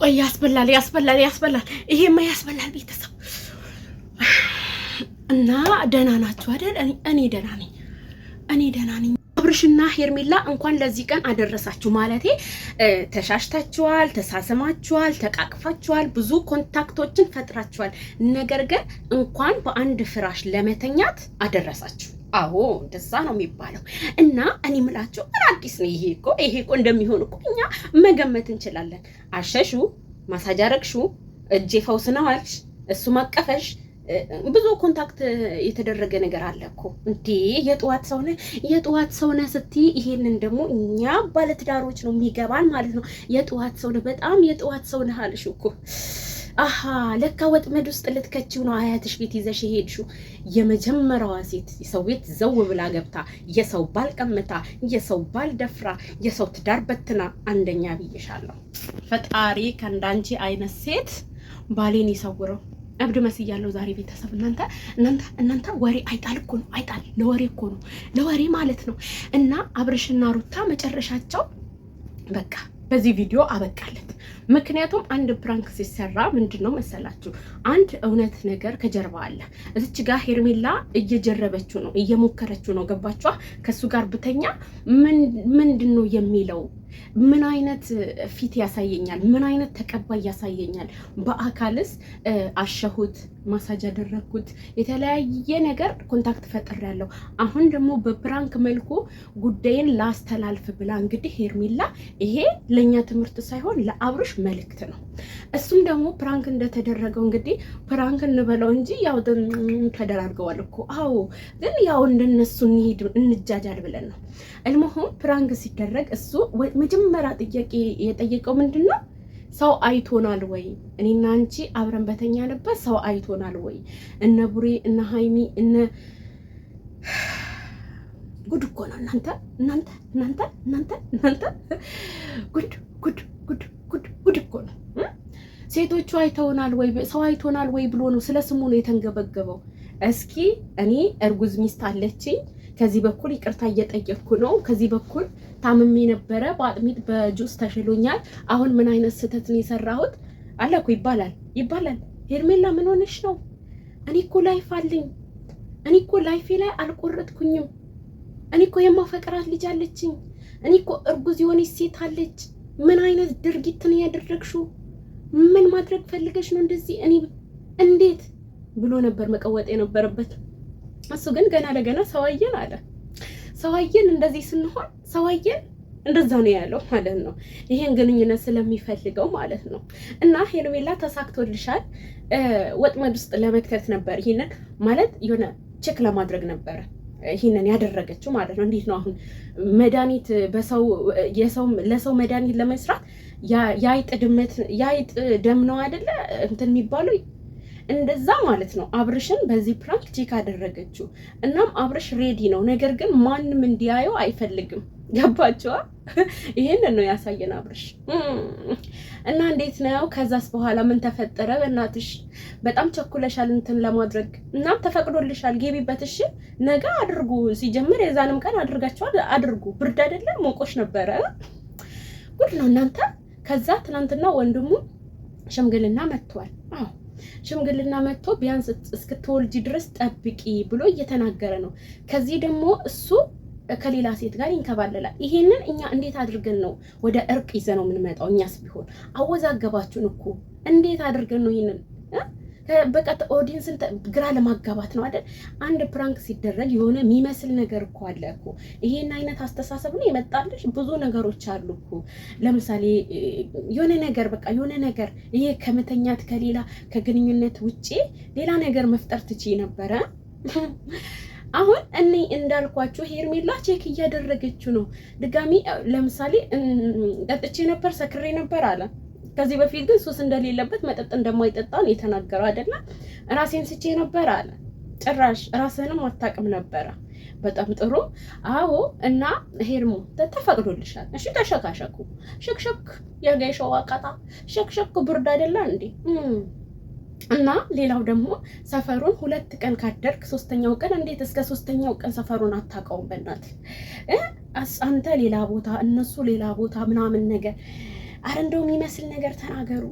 ቆይ ያስበላል፣ ያስበላል፣ ያስበላል። ይሄማ ያስበላል። ቤተሰብ እና ደህና ናችሁ አይደል? እኔ ደህና ነኝ፣ እኔ ደህና ነኝ። አብርሽና ሄርሜላ እንኳን ለዚህ ቀን አደረሳችሁ። ማለቴ ተሻሽታችኋል፣ ተሳስማችኋል፣ ተቃቅፋችኋል፣ ብዙ ኮንታክቶችን ፈጥራችኋል። ነገር ግን እንኳን በአንድ ፍራሽ ለመተኛት አደረሳችሁ። አዎ እንደዛ ነው የሚባለው። እና እኔ ምላቸው አዲስ ነው ይሄ እኮ ይሄ እኮ እንደሚሆን እኮ እኛ መገመት እንችላለን። አሸሹ፣ ማሳጅ አረግሹ፣ እጄ ፈውስ ነው አልሽ፣ እሱ ማቀፈሽ ብዙ ኮንታክት የተደረገ ነገር አለ እኮ እንዴ! የጠዋት ሰውነ የጠዋት ሰውነ ስትይ ይሄንን ደግሞ እኛ ባለትዳሮች ነው የሚገባን ማለት ነው። የጠዋት ሰውነ በጣም የጠዋት ሰውነ አልሽ እኮ አሀ ለካ ወጥመድ ውስጥ ልትከቺው ነው አያትሽ ቤት ይዘሽ የሄድሽው። የመጀመሪያዋ ሴት የሰው ቤት ዘው ብላ ገብታ የሰው ባል ቀምታ የሰው ባል ደፍራ የሰው ትዳር በትና አንደኛ ብዬሻለሁ። ፈጣሪ ከእንዳንቺ አይነት ሴት ባሌን ይሰውረው። እብድ መስያለሁ ዛሬ ቤተሰብ። እናንተ እናንተ እናንተ ወሬ አይጣል እኮ ነው አይጣል፣ ለወሬ እኮ ነው ለወሬ ማለት ነው። እና አብርሽና ሩታ መጨረሻቸው በቃ በዚህ ቪዲዮ አበቃለን። ምክንያቱም አንድ ፕራንክ ሲሰራ ምንድን ነው መሰላችሁ አንድ እውነት ነገር ከጀርባ አለ። እዚች ጋር ሄርሜላ እየጀረበችው ነው፣ እየሞከረችው ነው። ገባችኋ? ከእሱ ጋር ብተኛ ምንድን ነው የሚለው ምን አይነት ፊት ያሳየኛል? ምን አይነት ተቀባይ ያሳየኛል? በአካልስ አሸሁት፣ ማሳጅ ያደረግኩት፣ የተለያየ ነገር ኮንታክት ፈጥር ያለው አሁን ደግሞ በፕራንክ መልኩ ጉዳይን ላስተላልፍ ብላ እንግዲህ ሄርሜላ፣ ይሄ ለእኛ ትምህርት ሳይሆን ለአብርሽ መልእክት ነው። እሱም ደግሞ ፕራንክ እንደተደረገው እንግዲህ ፕራንክ እንበለው እንጂ ያው ተደራርገዋል እኮ አዎ። ግን ያው እንደነሱ እንሂድ እንጃጃል ብለን ነው። እልመሆን ፕራንክ ሲደረግ እሱ መጀመሪያ ጥያቄ የጠየቀው ምንድን ነው? ሰው አይቶናል ወይ? እኔና አንቺ አብረን በተኛንበት ሰው አይቶናል ወይ? እነ ቡሬ እነ ሀይሚ እነ ጉድ እኮ ነው እናንተ እናንተ እናንተ እናንተ እናንተ ጉድ ጉድ ጉድ ጉድ ጉድ እኮ ነው። ሴቶቹ አይተውናል ወይ ሰው አይተውናል ወይ ብሎ ነው ስለ ስሙ ነው የተንገበገበው። እስኪ እኔ እርጉዝ ሚስት አለችኝ። ከዚህ በኩል ይቅርታ እየጠየቅኩ ነው። ከዚህ በኩል ታምሜ ነበረ፣ በአጥሚት በጁስ ተሽሎኛል። አሁን ምን አይነት ስህተት ነው የሰራሁት? አለኩ ይባላል ይባላል። ሄርሜላ ምን ሆነሽ ነው? እኔ እኮ ላይፍ አለኝ። እኔ እኮ ላይፌ ላይ አልቆረጥኩኝም። እኔ እኮ የማፈቅራት ልጅ አለችኝ። እኔ እኮ እርጉዝ የሆነች ሴት አለች። ምን አይነት ድርጊት ነው ያደረግሽው? ምን ማድረግ ፈልገሽ ነው እንደዚህ እኔ እንዴት ብሎ ነበር መቀወጥ የነበረበት። እሱ ግን ገና ለገና ሰዋየን አለ። ሰዋየን እንደዚህ ስንሆን ሰዋየን እንደዛ ነው ያለው ማለት ነው። ይሄን ግንኙነት ስለሚፈልገው ማለት ነው። እና ሄርሜላ ተሳክቶልሻል። ወጥመድ ውስጥ ለመክተት ነበር ይህንን ማለት የሆነ ቼክ ለማድረግ ነበረ ይህንን ያደረገችው ማለት ነው። እንዴት ነው አሁን መድኃኒት በሰው የሰው ለሰው መድኃኒት ለመስራት የአይጥ ድመት የአይጥ ደም ነው አይደለ እንትን የሚባለው እንደዛ ማለት ነው። አብርሽን በዚህ ፕራንክ ቼክ አደረገችው። እናም አብርሽ ሬዲ ነው፣ ነገር ግን ማንም እንዲያየው አይፈልግም። ገባቸዋ ይሄንን ነው ያሳየን አብርሽ። እና እንዴት ነው? ከዛስ በኋላ ምን ተፈጠረ? በእናትሽ በጣም ቸኩለሻል እንትን ለማድረግ። እናም ተፈቅዶልሻል፣ ጌቢበት። እሺ ነገ አድርጉ። ሲጀምር የዛንም ቀን አድርጋችኋል፣ አድርጉ። ብርድ አይደለም ሞቆሽ ነበረ። ጉድ ነው እናንተ። ከዛ ትናንትና ወንድሙ ሽምግልና መጥቷል። አዎ ሽምግልና መጥቶ ቢያንስ እስክትወልጂ ድረስ ጠብቂ ብሎ እየተናገረ ነው። ከዚህ ደግሞ እሱ ከሌላ ሴት ጋር ይንከባለላል። ይሄንን እኛ እንዴት አድርገን ነው ወደ እርቅ ይዘ ነው የምንመጣው? እኛስ ቢሆን አወዛገባችሁን እኮ እንዴት አድርገን ነው ይሄንን በቃ ኦዲየንስን ግራ ለማጋባት ነው አይደል? አንድ ፕራንክ ሲደረግ የሆነ የሚመስል ነገር እኮ አለ እኮ። ይሄን አይነት አስተሳሰብ ነው የመጣልሽ። ብዙ ነገሮች አሉ እኮ። ለምሳሌ የሆነ ነገር በቃ የሆነ ነገር ይሄ ከመተኛት ከሌላ ከግንኙነት ውጪ ሌላ ነገር መፍጠር ትችይ ነበረ። አሁን እኔ እንዳልኳችሁ ሄርሜላ ቼክ እያደረገችው ነው። ድጋሚ ለምሳሌ ጠጥቼ ነበር፣ ሰክሬ ነበር አለ። ከዚህ በፊት ግን ሱስ እንደሌለበት መጠጥ እንደማይጠጣ ነው የተናገረው አይደለም። ራሴን ስቼ ነበር አለ። ጭራሽ ራስህንም አታውቅም ነበረ። በጣም ጥሩ። አዎ እና ሄርሞ ተፈቅዶልሻል። እሺ ተሸካሸኩ፣ ሸክሸክ የገሸዋ አቃጣ ሸክሸክ ብርድ አይደላ እንዴ? እና ሌላው ደግሞ ሰፈሩን ሁለት ቀን ካደርግ ሶስተኛው ቀን እንዴት እስከ ሶስተኛው ቀን ሰፈሩን አታውቀውም? በእናትህ አንተ ሌላ ቦታ እነሱ ሌላ ቦታ ምናምን ነገር አረ እንደው የሚመስል ነገር ተናገሩ፣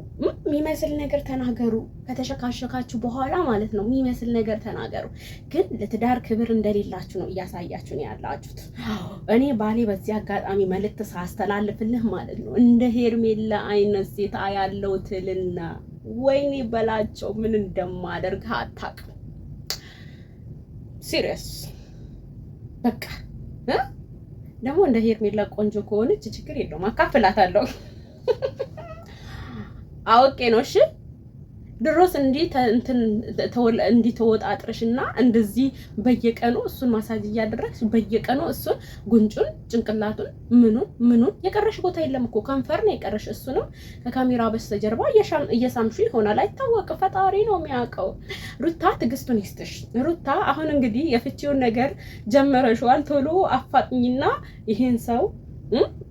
የሚመስል ነገር ተናገሩ። ከተሸካሸካችሁ በኋላ ማለት ነው የሚመስል ነገር ተናገሩ። ግን ለትዳር ክብር እንደሌላችሁ ነው እያሳያችሁ ነው ያላችሁት። እኔ ባሌ በዚህ አጋጣሚ መልእክት ሳስተላልፍልህ ማለት ነው እንደ ሄርሜላ አይነት ሴት ያለው ትልና ወይኔ በላቸው ምን እንደማደርግ አታውቅም። ሲሪየስ በቃ ደግሞ እንደ ሄርሜላ ቆንጆ ከሆነች ችግር የለውም፣ አካፍላታለሁ። አውቄ ነው እሺ። ድሮስ እንዲህ እንዲህ ተወጣጥረሽ እና እንደዚህ በየቀኑ እሱን ማሳጅ እያደረግሽ በየቀኑ እሱን ጉንጩን፣ ጭንቅላቱን፣ ምኑን ምኑን የቀረሽ ቦታ የለም እኮ ከንፈር ነው የቀረሽ። እሱንም ከካሜራ በስተጀርባ እየሳምሹ ይሆናል አይታወቅም። ፈጣሪ ነው የሚያውቀው። ሩታ ትዕግስቱን ይስጥሽ። ሩታ አሁን እንግዲህ የፍቺውን ነገር ጀመረሽዋል። ቶሎ አፋጥኝና ይሄን ሰው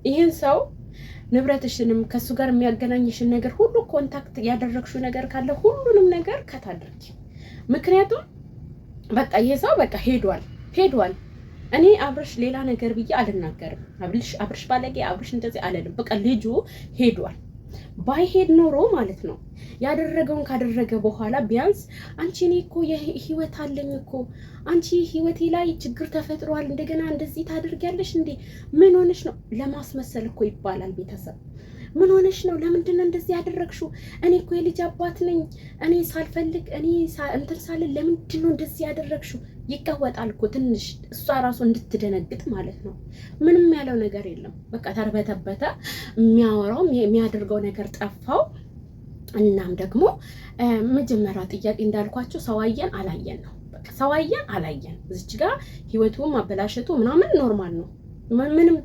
ይህን ሰው ንብረትሽንም ከእሱ ጋር የሚያገናኝሽን ነገር ሁሉ ኮንታክት ያደረግሽው ነገር ካለ ሁሉንም ነገር ከታድርጊ። ምክንያቱም በቃ ይሄ ሰው በቃ ሄዷል ሄዷል። እኔ አብርሽ ሌላ ነገር ብዬ አልናገርም። አብርሽ አብርሽ ባለጌ፣ አብርሽ እንደዚህ አለልም። በቃ ልጁ ሄዷል። ባይሄድ ኖሮ ማለት ነው ያደረገውን ካደረገ በኋላ ቢያንስ አንቺ እኔ እኮ ህይወት አለኝ እኮ አንቺ ህይወቴ ላይ ችግር ተፈጥሯል፣ እንደገና እንደዚህ ታደርጊያለሽ እንዴ? ምን ሆነሽ ነው? ለማስመሰል እኮ ይባላል ቤተሰብ ምን ሆነሽ ነው? ለምንድን ነው እንደዚህ ያደረግሽው? እኔ እኮ የልጅ አባት ነኝ። እኔ ሳልፈልግ እኔ እንትን ሳልን ለምንድን ነው እንደዚህ ያደረግሽው? ይቀወጣል እኮ ትንሽ እሷ ራሱ እንድትደነግጥ ማለት ነው። ምንም ያለው ነገር የለም። በቃ ተርበተበተ፣ የሚያወራው የሚያደርገው ነገር ጠፋው። እናም ደግሞ መጀመሪያ ጥያቄ እንዳልኳቸው ሰዋየን አላየን ነው። ሰዋየን አላየን እዚች ጋር ህይወቱን ማበላሸቱ ምናምን ኖርማል ነው። ምንም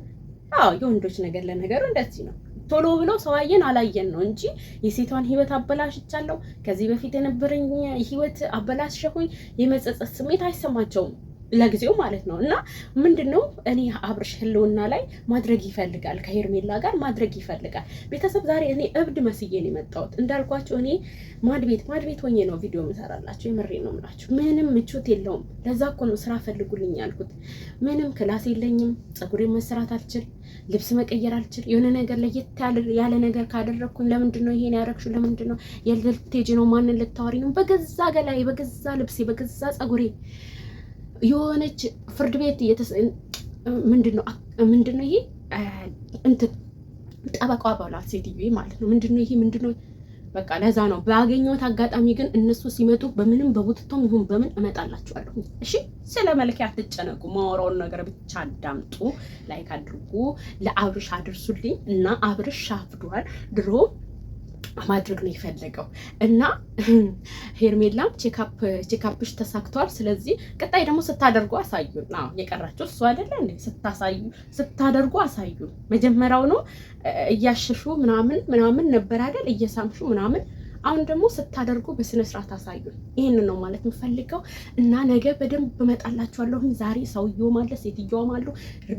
የወንዶች ነገር ለነገሩ እንደዚህ ነው። ቶሎ ብሎ ሰው አየን አላየን ነው እንጂ የሴቷን ህይወት አበላሽቻለሁ፣ ከዚህ በፊት የነበረኝ ህይወት አበላሸሁኝ የመጸጸት ስሜት አይሰማቸውም። ለጊዜው ማለት ነው። እና ምንድን ነው እኔ አብርሽ ህልውና ላይ ማድረግ ይፈልጋል፣ ከሄርሜላ ጋር ማድረግ ይፈልጋል። ቤተሰብ ዛሬ እኔ እብድ መስዬ ነው የመጣሁት። እንዳልኳቸው እኔ ማድቤት ማድቤት ሆኜ ነው ቪዲዮ ምሰራላቸው። የምሬ ነው ምላቸው። ምንም ምቾት የለውም። ለዛ እኮ ነው ስራ ፈልጉልኝ ያልኩት። ምንም ክላስ የለኝም። ጸጉር መስራት አልችል፣ ልብስ መቀየር አልችል። የሆነ ነገር ለየት ያለ ነገር ካደረግኩኝ ለምንድን ነው ይሄን ያረግሹ? ለምንድን ነው የልቴጅ ነው? ማንን ልታወሪ ነው? በገዛ ገላይ፣ በገዛ ልብሴ፣ በገዛ ፀጉሬ የሆነች ፍርድ ቤት ምንድነው ምንድነው ይሄ እንትን ጠበቃ በሏት ሴትዮ ማለት ነው። ምንድነው ይሄ ምንድነው? በቃ ለዛ ነው ባገኘሁት አጋጣሚ ግን እነሱ ሲመጡ በምንም በቡትቶም ይሁን በምን እመጣላችኋለሁ። እሺ ስለ መልክ አትጨነቁ። ማወራውን ነገር ብቻ አዳምጡ። ላይክ አድርጉ፣ ለአብርሽ አድርሱልኝ እና አብርሽ አፍዷል ድሮ ማድረግ ነው የፈለገው እና ሄርሜላም ቼካፕሽ ተሳክተዋል። ስለዚህ ቀጣይ ደግሞ ስታደርጉ አሳዩ። የቀራቸው እሱ አይደለ ስታሳዩ ስታደርጉ አሳዩ መጀመሪያው ነው እያሸሹ ምናምን ምናምን ነበር አይደል? እየሳምሹ ምናምን አሁን ደግሞ ስታደርጉ በስነ ስርዓት አሳዩ። ይህንን ነው ማለት የምፈልገው እና ነገ በደንብ እመጣላችኋለሁኝ። ዛሬ ሰውየውም አለ ሴትየውም አሉ፣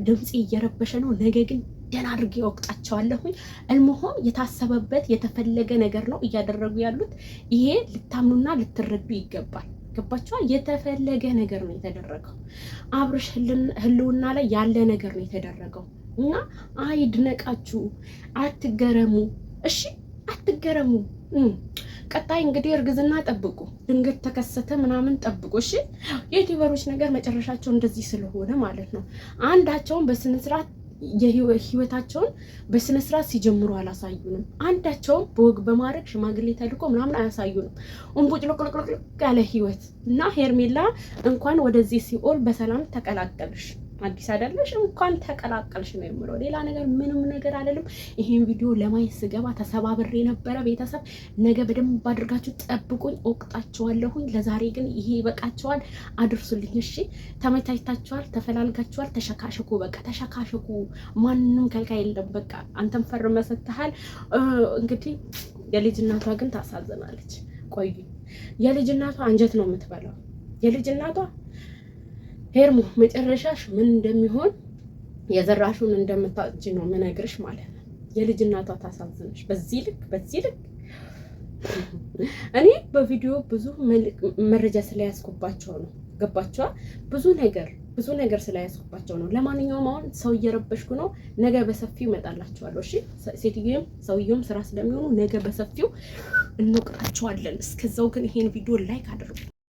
ድምፄ እየረበሸ ነው። ነገ ግን ደህና አድርጌ ወቅጣቸዋለሁኝ። እልምሆም የታሰበበት የተፈለገ ነገር ነው እያደረጉ ያሉት። ይሄ ልታምኑና ልትረዱ ይገባል። ገባችኋል? የተፈለገ ነገር ነው የተደረገው። አብርሽ ህልውና ላይ ያለ ነገር ነው የተደረገው እና አይድነቃችሁ፣ አትገረሙ። እሺ አትገረሙ። ቀጣይ እንግዲህ እርግዝና ጠብቁ፣ ድንገት ተከሰተ ምናምን ጠብቁ። እሺ የዩቲዩበሮች ነገር መጨረሻቸው እንደዚህ ስለሆነ ማለት ነው። አንዳቸውን በስነ የህይወታቸውን በስነ ሲጀምሩ አላሳዩንም። አንዳቸውም በወግ በማድረግ ሽማግሌ ተልኮ ምናምን አያሳዩንም። እንቡጭ ልቅልቅልቅ ያለ ህይወት እና ሄርሜላ እንኳን ወደዚህ ሲኦል በሰላም ተቀላቀልሽ። አዲስ አይደለሽ፣ እንኳን ተቀላቀልሽ ነው የምለው። ሌላ ነገር ምንም ነገር አይደለም። ይሄን ቪዲዮ ለማየት ስገባ ተሰባብሬ ነበረ። ቤተሰብ ነገ በደንብ አድርጋችሁ ጠብቁኝ፣ ወቅጣችኋለሁኝ። ለዛሬ ግን ይሄ ይበቃችኋል፣ አድርሱልኝ። እሺ፣ ተመቻችታችኋል፣ ተፈላልጋችኋል። ተሸካሸኩ፣ በቃ ተሸካሸኩ። ማንም ከልካይ የለም። በቃ አንተም ፈርመ ሰጥተሃል። እንግዲህ የልጅ እናቷ ግን ታሳዝናለች። ቆዩ፣ የልጅ እናቷ አንጀት ነው የምትበላው የልጅ እናቷ ሄርሙ መጨረሻሽ ምን እንደሚሆን የዘራሹን እንደምታጭ ነው ምነግርሽ ማለት ነው። የልጅ እናቷ ታሳዝንሽ በዚህ ልክ በዚህ ልክ። እኔ በቪዲዮ ብዙ መረጃ ስለያዝኩባቸው ነው ገባቸዋ። ብዙ ነገር ብዙ ነገር ስለያዝኩባቸው ነው። ለማንኛውም አሁን ሰው እየረበሽኩ ነው። ነገ በሰፊው ይመጣላችኋለሁ። እሺ፣ ሴትዮውም ሰውየውም ስራ ስለሚሆኑ ነገ በሰፊው እንወቅታችኋለን። እስከዛው ግን ይሄን ቪዲዮ ላይክ አድርጉ።